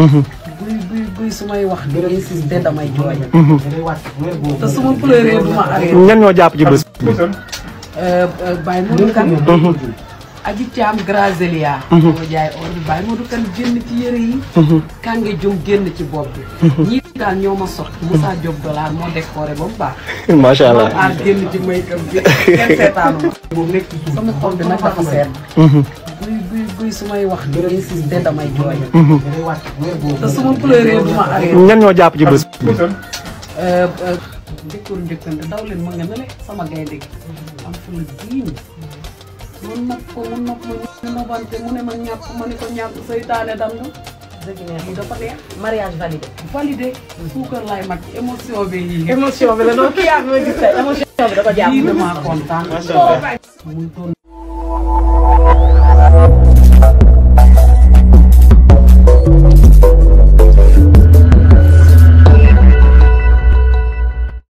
buy buy yang su may wax di insister damay jooy. te su ma pleuré du ma arrêté. ñan ñoo jàpp ci bés. Baye Modou Kane. Aji Thiam Grazelia. moo jaay or bi Baye Modou Kane génn ci yëre yi. Kange Jom génn ci bopp bi. ñii daal ñoo ma sot. yang Diop dollar moo décoré ba mu baax. macha allah moo aar génn ci may kam bi kenn seetaanu ma. boobu nekk sama xol bi nag dafa seet fuy su may wax di ngeen si te damay jooy. ñan ñoo jàpp leen ma sama gaynde gi. am fu la diin. mun ko ñu mu ne ma ñàpp ma ne ko ñàpp seytaane dam na. dëgg neex dafa neex mariage validé. validé suukar laay mag émotion bi yii. émotion bi la gis émotion bi